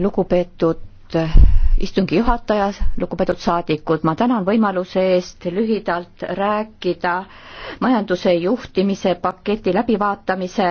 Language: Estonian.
lugupeetud istungi juhataja, lugupeetud saadikud, ma tänan võimaluse eest lühidalt rääkida majanduse juhtimise paketi läbivaatamise